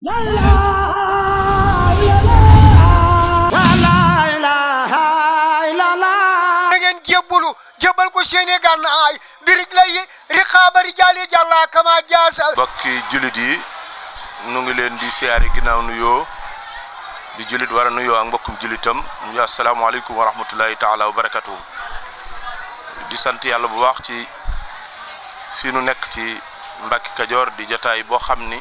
ngeen jébbulu jébbal ko seeni gànnaay bi rij lay riqaaba rijaali jàllaa kama jaasa bokki julit yi nu ngi leen di siyaare ginnaaw nuyoo di julit wara a nuyoo ak mbokkum julitam mu asalaamaaleykum wa rahmatullahi taala wa barakatuhu di sant yàlla bu baax ci fi nu nekk ci Mbàkke Kajoor di jataay boo xam ni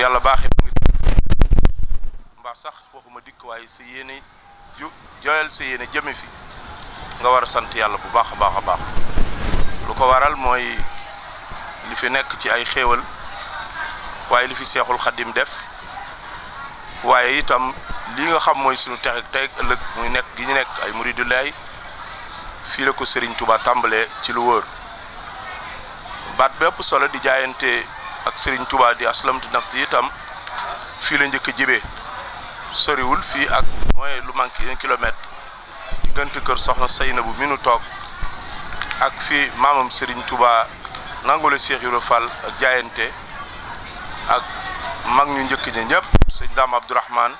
ko yàlla baaxee mbaa sax waxuma dikk waaye sa yéene joyal sa yéene jëme fi nga war a sant yàlla bu baax a baax a baax lu ko waral mooy li fi nekk ci ay xéewal waaye li fi seexul xaddim def waaye itam li nga xam mooy suñu tex ak tey muy nekk gi ñu nekk ay muridu laay fii la ko Serigne Touba tàmbalee ci lu wër baat bépp solo di jaayante ak sëriñ tubaa di aslamtu nafsi itam fii la njëkk jibee soriwul fii ak mooy lu manqué un kilomètre diggante kër soxna Seynabu mi nu toog ak fii maamam sëriñ Touba nangule Cheikh Ibra Fall ak jaayante ak mag ñu njëkk ña ñëpp sëñ Dame Abdourahmane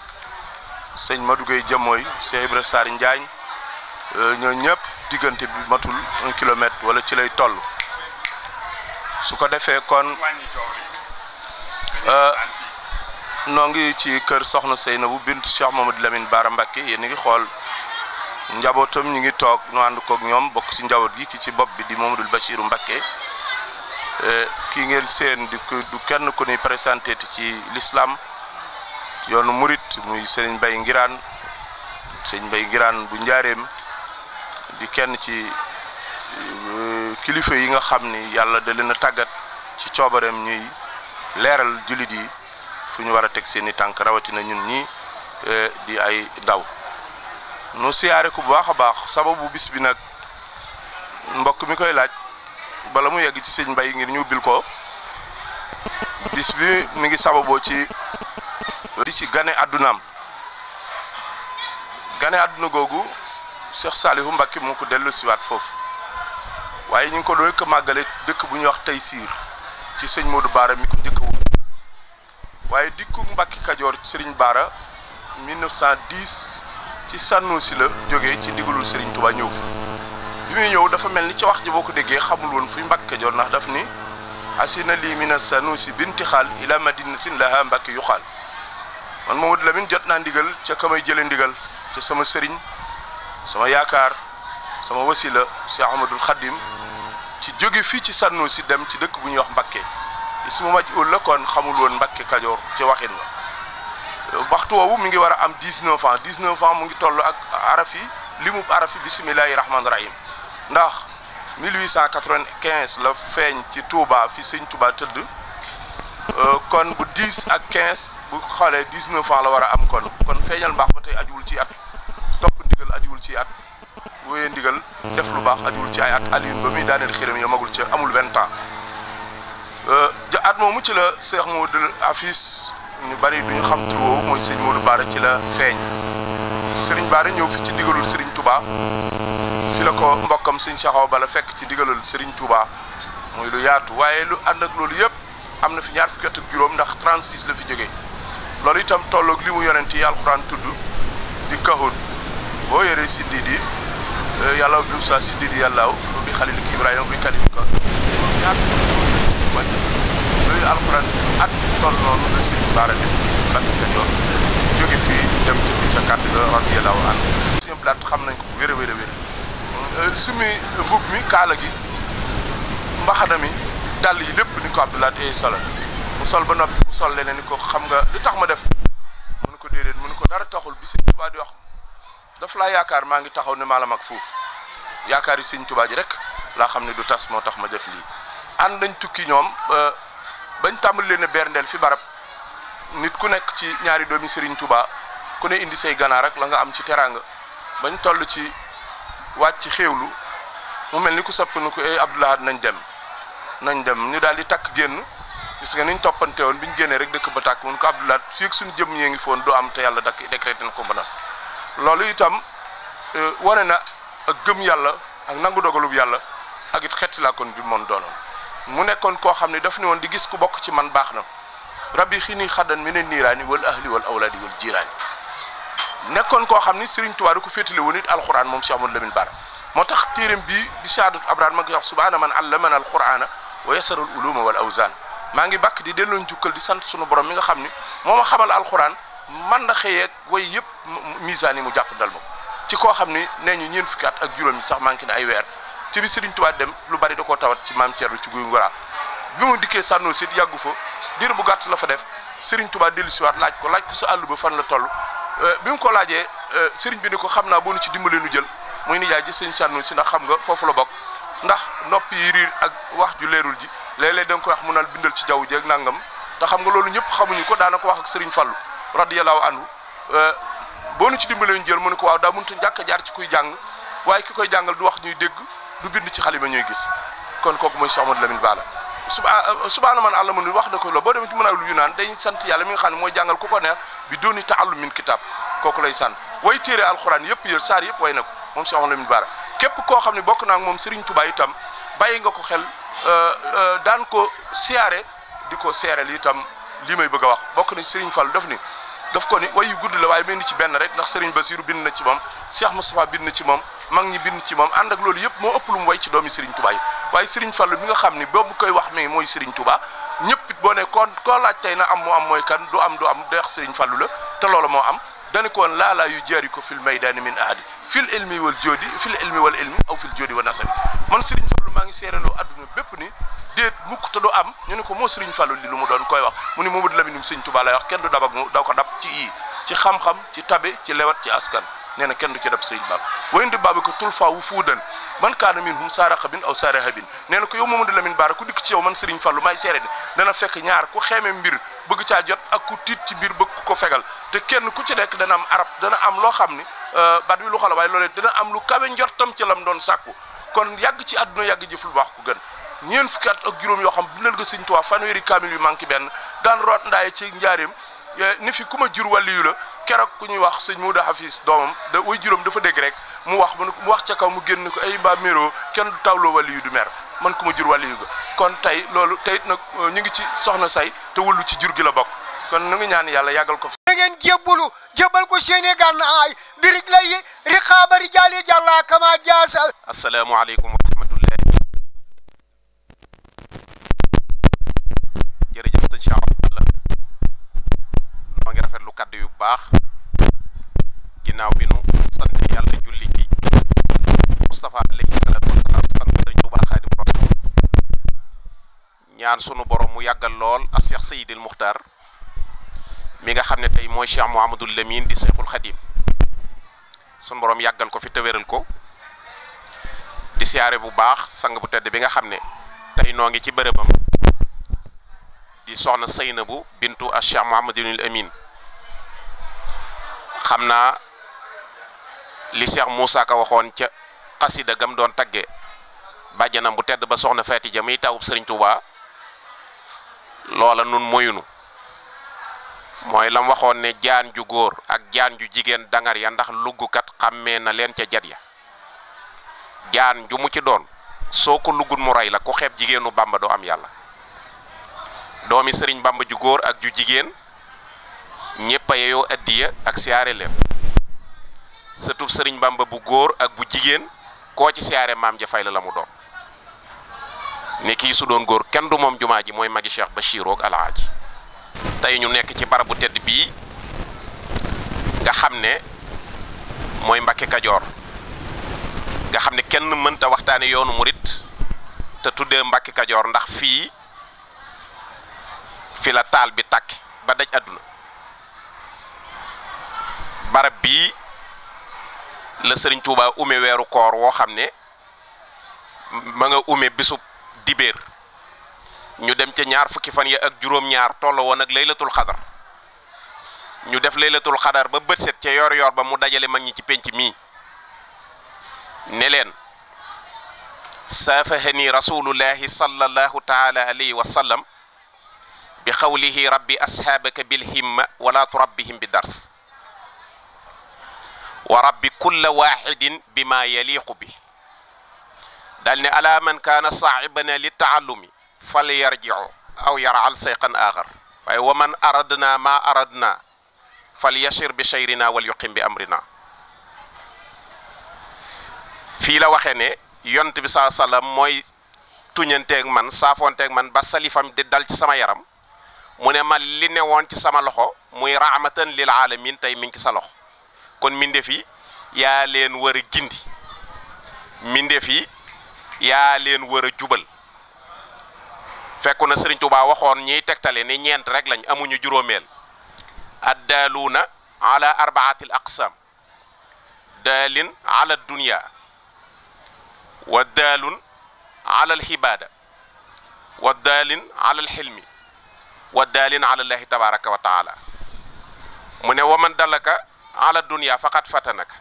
sëñ Madou Gueye Jëmmooy Cheikh Ibra Njaañ euh, ñoo ñëpp diggante bi matul un kilomètre wala ci lay toll su ko defee kon euh, noo ngi ci kër soxna na bu bint Cheikh Mamadou Lamine Bara Mbacké yéen a ngi xool njabootam ñu ngi toog nu ànd koog ñoom bokk ci njaboot gi ki ci bopp bi di Mamadou Bassirou mbakke euh, kii ngeen seen di du kenn ku ni présenté ci lislaam yoonu murit muy Serigne bay Ngiraan Serigne Mbaye Ngiraan bu njaareem di kenn ci kilifa yi nga xam ni yàlla da leen tàggat ci coobareem ñuy leeral jullit yi fu ñu war a teg seeni tànk rawatina ñun ñi e, di ay daw nu siyaare ko bu baax a baax sababu bis bi nag mbokk mi koy laaj bala mu yegg ci sëñ mbay ngir ñu ubbil ko bis bi mi ngi sababoo ci di ci gane àddunaam gane àdduna googu Cheikh Salihu Mbacke moo ko dellu siwaat foofu waaye ñu ko doon ko màggale dëkk bu ñuy wax tey siir ci sëñ Modou Baara mi ko njëkk wu waaye dikku Mbàkke Kajoor Serigne Baara 1910 ci Sànnusi la jógee ci ndigalul Serigne Touba ñëw fi bi muy ñëw dafa mel ni ci wax ji boo ko déggee xamul woon fuy Mbàkke Kajoor ndax daf ni asina lii mina Sànnusi binti xaal ila madinatin laha Mbàkke yu xaal man Mamadou Lamine jot naa ndigal ca ka may jëlee ndigal ca sama sëriñ sama yaakaar. sama wasila Cheikh Ahmadul Khadim ci jóge fii ci sannu si dem ci dëkk bu ñuy wax Mbakke ismu majul la kon xamul woon Mbakke Kajoor ci waxin la waxtu woowu mi ngi war a am 19 ans 19 ans mu ngi toll ak araf yi limu araf yi bisimilahi rahmaani rahim ndax 1895 la feeñ ci Touba fi sëñ Touba tëdd euh, kon bu ak 15 bu xoolee 19 ans la war a am kon kon feeñal mbaax ba tey ajuwul ci at topp ndigal ajuwul ci at. wéyee ndigal def lu baax ajuwul ci ay at Alioune ba muy daaneel xiram ya magul ci amul vingt ans euh, ja at moomu ci la Cheikh Modou Afis ñu bari duñu xam ci woowu mooy sëñ Modou Baara ci la feeñ sëriñ Baara ñëw fi ci ndigalul sëriñ Touba fi la ko mbokkam sëñ Cheikh bala fekk ci ndigalul sëriñ Touba muy lu yaatu waaye lu ànd ak loolu yëpp am na fi ñaar fukki ak juróom ndax 36 la fi jógee loolu itam tolloog li mu yonent yi alxuraan tudd di kahun boo yoree si ndiidi Euh, yallahu bi Musa sididi yallahu bi xalilika Ibrahima bi kalimika ñaata ko yooyu at toll noonu la seen baara def Mbàkke Kajoor jóge fii dem ci sa kàddu ga radiyallahu anhu suñu blaat xam nañ ko euh, mi kaala gi mbaxana mi dàll yi lépp ni ko Abdoulaat ay solo mu sol ba noppi mu sol leneen ni ko xam nga li tax ma def ko mu ne ko déedéet mu ne ko dara taxul bi seen Tuubaa di wax daf fly yaakaar maa ngi taxaw ne maa la fouf foofu seigne touba ji rek la xamni du tas motax ma def li and nañ tukki ñom bañ tamul leen berndel fi barab nit ku nek ci ñaari domi Serigne Touba ku ne indi say ganaar rek la nga am ci teranga bañ tollu ci wàcc xewlu mu melni ku sopp ni ko ay eh, abdullah nañ dem nañ dem ñu dal di tak genn gis nga niñ topante won biñu genné rek dekk ba tak mun ko abdullah fi ak suñu jëm ñi ngi fon do am te yalla dak décrété ko lolu itam wane na ak gëm yàlla ak nangu dogalub yàlla ak it xetti la kon bi mon doono mu nekkon ko xamni daf ni won di gis ku bok ci man baxna rabbi khini khadan xaddan nirani wal ahli wal awladi wal jirani nekkon ko xamni Serigne Touba da ko fetele woon it alxuraan moom Cheikh Amadou Lamine bar motax tax bi di saadatu abrar ma ngi wax subhaana man allamana alquran wa yasarul uluma wal awzan mangi bak di delon jukal di sante sunu borom mi nga xamni moma xamal alquran man na xëyeeg way yëpp misaan yi mu jàpp dal ma ko ci koo xam ni nee ñu ñeen fukki ak juróom yi sax manqué ne ay weer ci bi Serigne Touba dem lu bari da koo tawat ci maam Thierno ci guy Ngora bi mu dikkee sànnoo sit yàggu fa diir bu gàtt la fa def Serigne Touba dellusiwaat laaj ko laaj ko sa àll ba fan la toll euh, bi mu ko laajee euh, Serigne bi ni ko xam naa boo nu ci dimbalee nu jël muy nijaa ji sëñ sànnoo si ndax xam nga foofu la bokk ndax nopp yi riir ak wax ju leerul ji léeg-léeg wax mu naan bindal ci jaww ji nangam te xam nga loolu ñëpp xamuñu ko daana ko wax ak Serigne Fallou radiyallahu anhu euh, bonu ci dimbalé ñu jël ne ko waaw da muñu jakk jaar ci kuy jang waye ki koy jangal du wax ñuy dégg du bind ci xalima ñuy gis kon koku moy cheikh mohammed lamine bala euh, subhanahu man allah mu wax da ko lo bo dem ci mëna lu yu naan dañ sant yalla mi nga moy jangal ku ko neex bi doni ta'allum min kitab koku lay sant way téré alcorane yépp yeur sar yépp way nako mom cheikh mohammed lamine bala kep ko xamne bokk na ak mom serigne touba itam bayyi nga ko xel euh euh dan ko siaré diko li itam limay bëgg wax bokk na serigne fall daf ni daf ko ni way yu gudd la way mel ni ci benn rek ndax Serigne basirou bind na ci mom Cheikh mustapha bind na ci mom mag ñi bind ci mom ànd ak loolu yëpp moo ëpp lu mu way ci doomi Serigne Touba yi waaye Serigne fallu bi nga xam ni boobu koy wax mais mooy Serigne Touba ñëpp it boo ne kon koo laaj tey na am mu am mooy kan du am du am deex Serigne fallu la te loolu moo am dani la la yu jaari ko fil maydaani min ahadi fil ilmi wal jodi fil ilmi wal ilmi aw fil jodi wa nasab man Serigne fallu ma ngi seeraloo aduna bépp ni déet mukk te du am ñu ne ko moo Sëriñ Fàllu li lu mu doon koy wax mu ni Mamadu Lamin Sëriñ Tuubaa lay wax kenn du dab ak mu daw ko dab ci yii ci xam-xam ci tabe ci lewat ci askan nee na kenn du ci dab Sëriñ Bab wayndi baabi ko tul faawu fuudan man kaana minhum saaraqabin aw saarahabin nee na ko yow Mamadu Lamin Baara ku dikk ci yow man Sëriñ Fàllu may seere ni dana fekk ñaar ku xeeme mbir bëgg caa jot ak ku tiit ci biir bëgg ku ko fegal te kenn ku ci nekk dana am arab dana am loo xam ni euh, bat bi lu xala waaye loolee dana am lu kawe njortam ci doon sàkku kon yàgg ci àdduna yàgg jëf lu baax ku gën ñeent fukki ak juróom yoo xam bu leen ko sëñ Tuubaa fanweeri kaamil yu manqué benn daan root ndaaye ci njaareem eh, ni fi ku ma jur wàlliyu la keroog ku ñuy wax sëñ Muuda Hafiis doomam da way dafa dégg rek mu wax mu wax ca kaw mu génn ko ay mbaa méroo kenn du tawloo wàlliyu du mer man ku ma jur wàlliyu ga kon tey loolu tey nag eh, ñu ngi ci soxna say te wëllu ci jur gi la bokk kon nu ngi ñaan yàlla yàggal ko fi na ngeen jébbalu jébbal ko seeni gànnaay birig lay riqaabari jaali jàllaa kama jaasa asalaamaaleykum wa rahmatulah kàddu yu bax ginaaw bi nu sant yàlla julli ci mustafa alayhi salatu wassalam sant serigne touba khadim Rasuul ñaan sunu borom mu yagal lol a Cheikh sayyid Seydil mukhtar mi nga xamne tay moy cheikh Cheikh Mouhamadul Lamine di Cheikhul khadim sun borom yagal ko fi teweral ko di siaré bu bax sang bu tedd bi nga xamne tay no ngi ci bërëbam di soxna Seynabou bintu al Cheikh Mouhamadul amin xamna li Cheikh Moussa Ka waxon ci qasida gam don tagge bajana bu tedd ba soxna fati jamay taw serigne touba lola nun moyunu moy lam waxon ne jaan ju gor ak jaan ju jigen dangar ya ndax kat xamé na len ci jat ya. jaan ju mu ci don soko ko mu ray la ko xeb jigenu bamba do am yalla domi serigne bamba ju gor ak ju jigen ñepp a addiya ak siaré leen setup sëriñ Bamba bu góor ak bu jigen ko ci siaré mam ja fay la lamu do doon ne su doon góor kenn du mom jumaa ji magi Cheikh Bachir ak alaaji tay ñu nekk ci barabu tedd bi nga xam moy mooy kadior nga xam ne mën ta waxtane yoonu murit te tuddé Mbàkke kadior ndax fi fi la tal bi tak ba daj aduna barab bi la serigne Touba ume wéru koor wo xamné ma nga ume bisub dibéer ñu dem ci ñaar fukki fan ya ak juróom-ñaar tolloo won ak laylatul khadar ñu def laylatul khadar ba beut set ca yor yor ba mu dajale mag ñi ci penc mi nelen safahani rasulullahi sallallahu taala alayhi wa sallam bi xawlihi rabbi ashaabaka bilhimma wala turabbihim bidars dars ورب كل واحد بما يليق به دلني على من كان صعبنا للتعلم فليرجع أو يرعى سيقا آخر ومن أردنا ما أردنا فليشر بشيرنا وليقم بأمرنا في لوخيني يونت بصا سلام موي تونين تيغ من سافون تيغ من بسالي فام دي دال تي سما يرام مونيما لي لخو موي رحمه للعالمين تاي مين لخو kon mbindeef yi ya len wara gindi mbindeef yi ya len wara jubal fekkuna serigne touba Tuubaa ñi tektale ni ñent rek lañ amuñu juromel adaluna ala arbaati al aqsaam ala dunya wa daalun ala al xibaada wa daalin ala al xilmi wa ala allah tabaraka wa taala mune waman dalaka ala dunya faqat fatanaka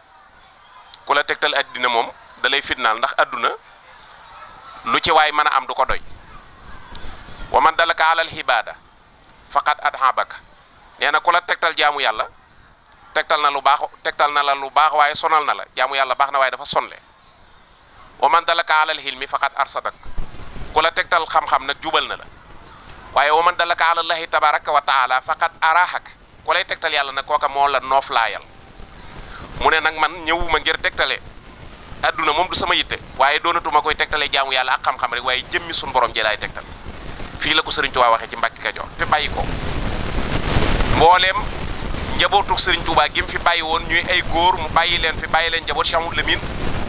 ku la tegtal addina moom da lay fitnaal ndax adduna lu ci waay mën a am du ko doy wa man dalaka alal xibaada faqat adhabaka nee na ku la yàlla tegtal na lu baax tegtal na la lu baax waaye sonal na la jaamu yàlla baax na waaye dafa sonle wa man dalaka alal hilmi faqat arsadak ku la xam-xam nag jubal na la waaye wa man dalaka alallahi tabaraka wa taala faqat arahaka ku lay tegtal yàlla nag kooka moo la nooflaayal mu ne nag man ñëwuma ngir tegtale adduna moom du sama yitte waaye doonatuma koy tegtale jaamu yàlla ak xam-xam rek waaye jëmmi suñu borom ji laay tegtal fii la ko Serigne Touba waxee ci Mbàkke Kajoor fi bàyyi ko mbooleem njabootu sëriñ Touba gi fi bàyyi woon ñuy ay góor mu bàyyi leen fi bàyyi leen njaboot Cheikh Amadou Lamine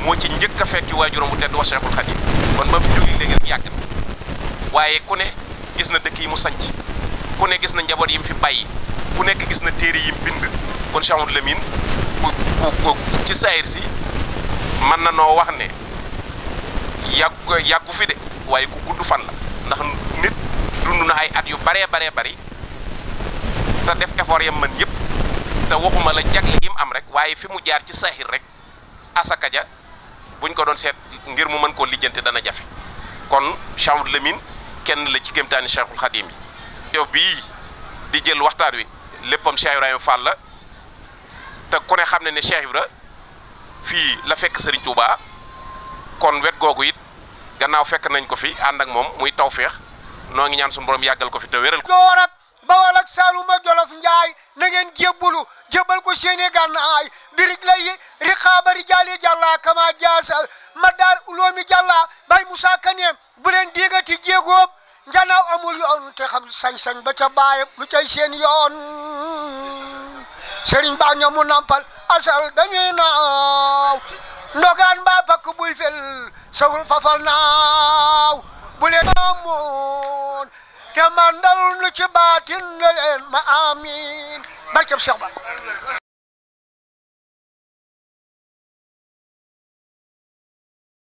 moo ci njëkk a fekki waajuram bu tedd wa Cheikhul Khadim kon ba mu fi jógee léegi nag ne gis na dëkk yi mu sanc ku ne gis na njaboot yi mu fi bàyyi ku nekk gis na téere yi bind kon Cheikh Amadou Lamine ku ci saayir si man na noo wax ne yàggu yàggu fi de waaye ku gudd fan la ndax nit dund na ay at yu bare bare bari ta def effort yam man yépp te waxuma la jagle yim am rek waaye fi mu jaar ci sahir rek asaka ja buñ ko doon seet ngir mu mën koo lijjante dana jafe kon Cheikh Amadou Lamine kenn la ci gëmtaani Cheikhul Khadim yi yow bii di jël waxtaan wi léppam Cheikh Ibrahima Fall la te ku xam ne ne Cheikh fii la fekk Serigne Touba kon wet googu it gannaaw fekk nañ ko fi ànd ak moom muy tawféex noo ngi ñaan suñu borom yàggal ko fi te wéral ko. Joor ak Bawol ak Saalum ak Jolof Njaay na ngeen jébbal ko seeni gànnaay birig lay riqaabari jaale jàllaa kama jaasa madaar uloomi jàllaa bay Musaa Kaneem bu leen diigati jéegoob njanaaw amul yoon te xam sañ-sañ ba ca baayam lu cay seen yoon sëriñ baa ñoom mu nampal asal dañuy naaw ndogaan mbaa bakk buy fel sawul fafal naaw bu leen amoon te mandal lu ci baatin na leen ma amin barkeb Cheikh Ba